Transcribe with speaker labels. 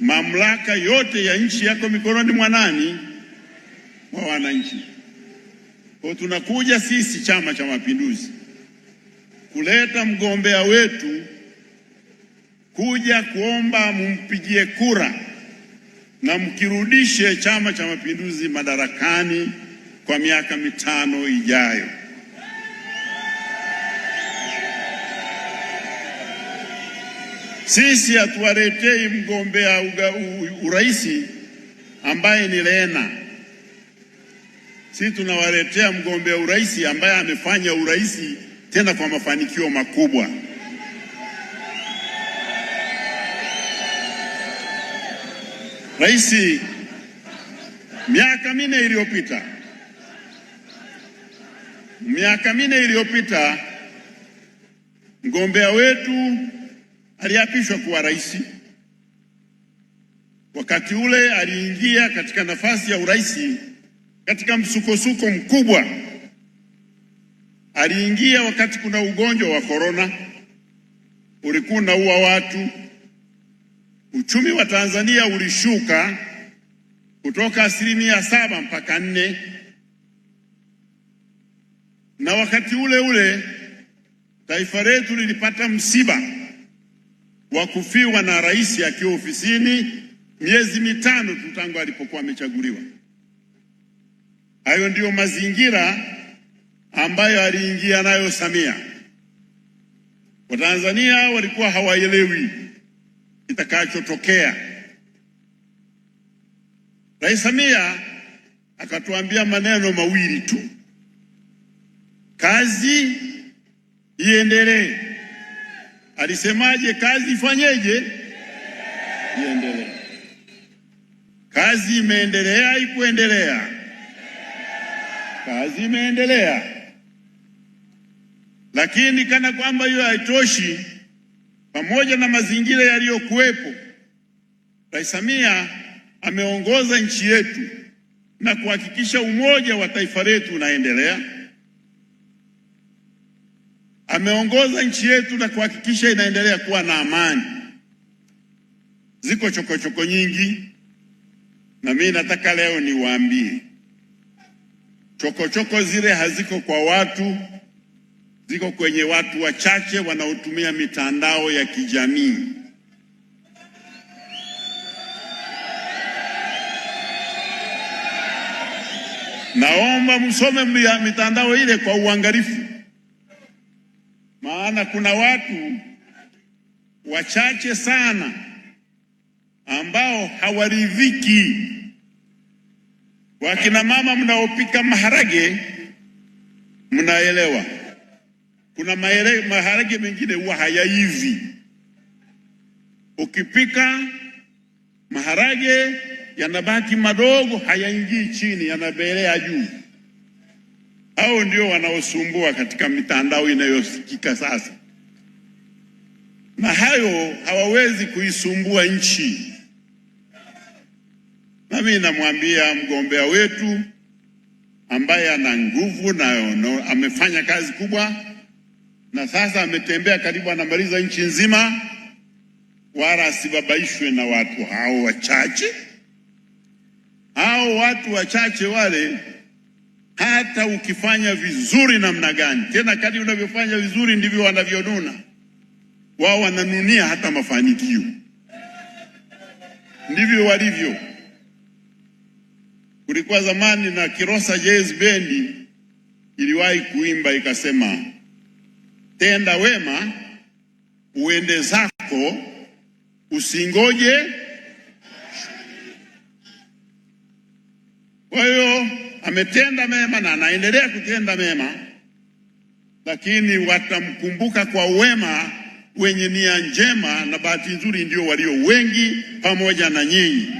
Speaker 1: Mamlaka yote ya nchi yako mikononi mwa nani? Mwa wananchi. Kwa tunakuja sisi Chama cha Mapinduzi kuleta mgombea wetu kuja kuomba mumpigie kura na mkirudishe Chama cha Mapinduzi madarakani kwa miaka mitano ijayo. Sisi hatuwaletei mgombea urais ambaye ni lena Sisi tunawaletea mgombea urais ambaye amefanya urais tena kwa mafanikio makubwa. Rais, miaka minne iliyopita, miaka minne iliyopita mgombea wetu aliapishwa kuwa rais. Wakati ule aliingia katika nafasi ya urais katika msukosuko mkubwa. Aliingia wakati kuna ugonjwa wa korona ulikuwa unaua watu. Uchumi wa Tanzania ulishuka kutoka asilimia saba mpaka nne, na wakati ule ule taifa letu lilipata msiba wakufiwa na rais akiwa ofisini miezi mitano tu tangu alipokuwa amechaguliwa. Hayo ndiyo mazingira ambayo aliingia nayo Samia. Watanzania walikuwa hawaelewi kitakachotokea. Rais Samia akatuambia maneno mawili tu, kazi iendelee. Alisemaje? Kazi ifanyeje? Iendelee. Kazi imeendelea, ikuendelea. Kazi imeendelea, lakini kana kwamba hiyo haitoshi, pamoja na mazingira yaliyokuwepo, Rais Samia ameongoza nchi yetu na kuhakikisha umoja wa taifa letu unaendelea ameongoza nchi yetu na kuhakikisha inaendelea kuwa na amani. Ziko chokochoko choko nyingi, na mimi nataka leo niwaambie chokochoko zile haziko kwa watu, ziko kwenye watu wachache wanaotumia mitandao ya kijamii. Naomba msome mitandao ile kwa uangalifu maana kuna watu wachache sana ambao hawaridhiki. Wakina mama mnaopika maharage, mnaelewa kuna maharage mengine huwa hayaivi. Ukipika maharage yanabaki madogo, hayaingii chini, yanabelea juu. Hao ndio wanaosumbua katika mitandao inayosikika sasa, na hayo hawawezi kuisumbua nchi. Nami namwambia mgombea wetu ambaye ana nguvu na no, amefanya kazi kubwa na sasa ametembea karibu anamaliza nchi nzima, wala asibabaishwe na watu hao wachache. Hao watu wachache wale hata ukifanya vizuri namna gani, tena kadri unavyofanya vizuri ndivyo wanavyonuna wao, wananunia hata mafanikio, ndivyo walivyo. Kulikuwa zamani na Kirosa Jazz Bendi iliwahi kuimba ikasema, tenda wema uende zako, usingoje. Kwa hiyo ametenda mema na anaendelea kutenda mema, lakini watamkumbuka kwa wema wenye nia njema, na bahati nzuri ndio walio wengi pamoja na nyinyi.